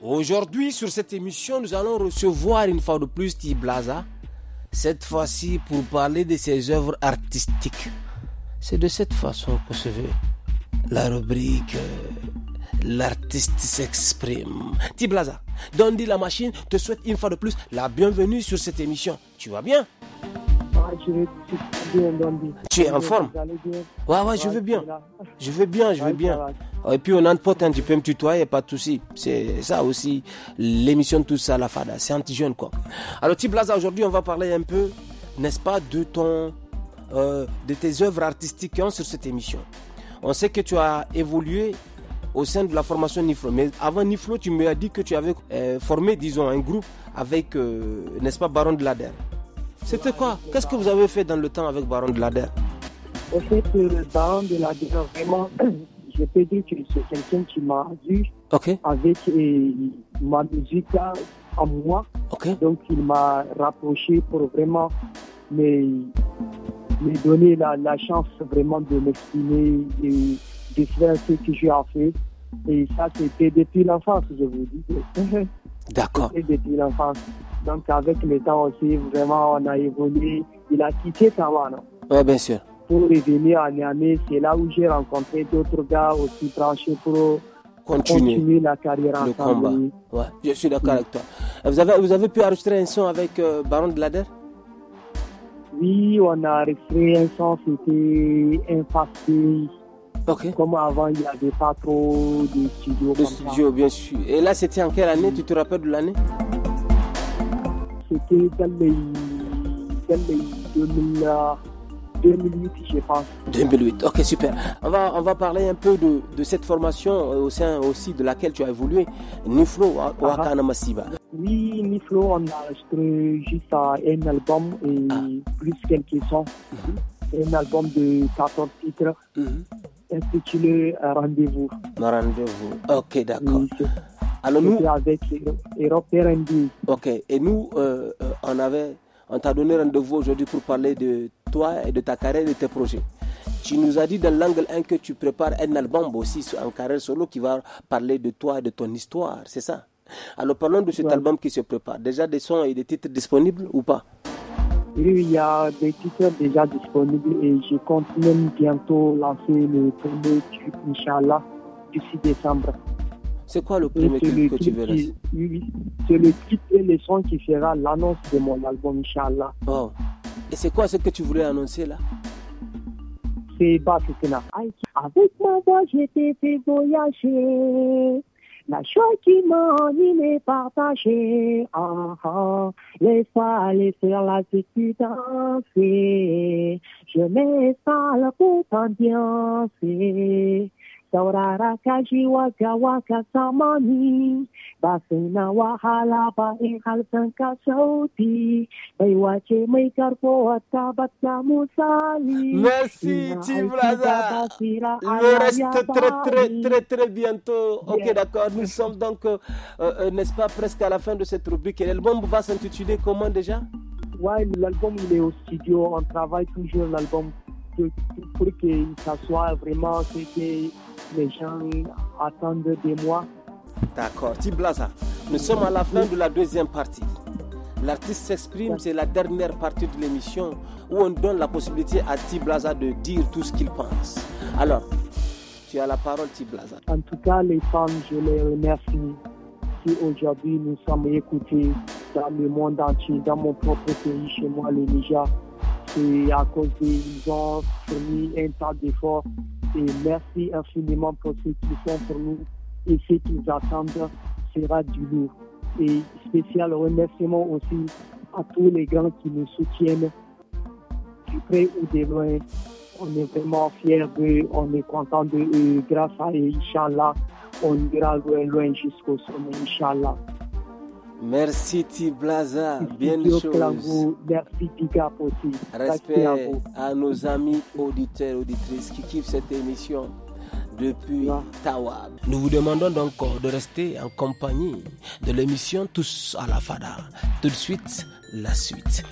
Aujourd'hui, sur cette émission, nous allons recevoir une fois de plus Tiblaza. Cette fois-ci, pour parler de ses œuvres artistiques. C'est de cette façon que se veut la rubrique euh, L'artiste s'exprime. Tiblaza, Dandy la machine te souhaite une fois de plus la bienvenue sur cette émission. Tu vas bien? Tu es en forme Ouais, ouais, je veux bien. Je veux bien, je veux bien. Et puis on pote hein, tu peux me tutoyer, pas de souci. C'est ça aussi, l'émission de Tout ça, la fada. C'est anti-jeune, quoi. Alors, Tiblaza, aujourd'hui, on va parler un peu, n'est-ce pas, de ton. Euh, de tes œuvres artistiques hein, sur cette émission. On sait que tu as évolué au sein de la formation Niflo. Mais avant Niflo, tu m'as dit que tu avais euh, formé, disons, un groupe avec, euh, n'est-ce pas, Baron de l'Ader. C'était quoi Qu'est-ce que vous avez fait dans le temps avec Baron de Lader En fait, le euh, Baron de Lader, vraiment, je peux dire que c'est quelqu'un qui m'a vu avec ma musique en moi. Donc, il m'a rapproché pour vraiment me, donner la, chance vraiment de m'exprimer de faire ce que j'ai fait. Et ça, c'était depuis l'enfance, je vous dis. D'accord. depuis l'enfance. Donc avec le temps aussi, vraiment, on a évolué. Il a quitté Tawana. Oui, bien sûr. Pour revenir à Niamey, c'est là où j'ai rencontré d'autres gars aussi branchés pour continuer, la carrière le ensemble. Combat. Ouais, je suis d'accord avec toi. Euh, vous avez, vous avez pu enregistrer un son avec euh, Baron de Lader Oui, on a enregistré un son, c'était un facile comme avant, il n'y avait pas trop de studios. De studios, bien sûr. Et là, c'était en quelle année Tu te rappelles de l'année C'était en 2008, je pense. 2008, ok, super. On va, on va parler un peu de, de cette formation euh, au sein aussi de laquelle tu as évolué, Niflo ah, ah. Wakana Masiba. Oui, Niflo, on a juste un album et ah. plus qu'un sons. Mhm. Un album de 14 titres. Mhm. Est-ce intitulé Rendez-vous. Rendez-vous. Ok, d'accord. Alors nous. avec Europe R&D. Ok, et nous, euh, euh, on avait, on t'a donné rendez-vous aujourd'hui pour parler de toi et de ta carrière et de tes projets. Tu nous as dit dans l'angle 1 que tu prépares un album aussi en carrière solo qui va parler de toi, et de ton histoire, c'est ça Alors parlons de cet album qui se prépare. Déjà des sons et des titres disponibles ou pas il y a des titres déjà disponibles et je compte même bientôt lancer le premier clip, Inch'Allah, du décembre. C'est quoi le premier clip que tu verras oui, C'est le titre et le son qui fera l'annonce de mon album, Inch'Allah. Oh. Et c'est quoi ce que tu voulais annoncer là C'est Bafoukina. Avec ma voix, j'ai t'ai fait voyager. La joie qui m'anime est partagée. Ah, ah. Laisse-moi aller faire la suite danser. Je m'installe pour t'ambiancer merci Tim Blaza reste très très très très bientôt ok d'accord nous sommes donc euh, euh, n'est-ce pas presque à la fin de cette rubrique et l'album va s'intituler comment déjà ouais l'album il est au studio on travaille toujours l'album pour, pour que ça soit vraiment ce que les gens attendent des mois. D'accord, Tiblaza, nous sommes à la fin de la deuxième partie. L'artiste s'exprime, c'est la dernière partie de l'émission où on donne la possibilité à Tiblaza de dire tout ce qu'il pense. Alors, tu as la parole Tiblaza. En tout cas, les femmes, je les remercie si aujourd'hui nous sommes écoutés dans le monde entier, dans mon propre pays, chez moi, les déjà, C'est à cause d'eux, ils ont fourni un tas d'efforts et merci infiniment pour ce qui sont pour nous et ce nous attendent sera du lourd. Et spécial remerciement aussi à tous les grands qui nous soutiennent, du près ou de loin. On est vraiment fiers d'eux, on est contents de Grâce à Inch'Allah, on ira loin, loin jusqu'au sommet, Inch'Allah. Merci Tiblaza, bien vous Merci aussi. Respect à, nos amis auditeurs, auditrices qui kiffent cette émission depuis Tawab. Nous vous demandons donc de rester en compagnie de l'émission Tous à la Fada. Tout de suite, la suite.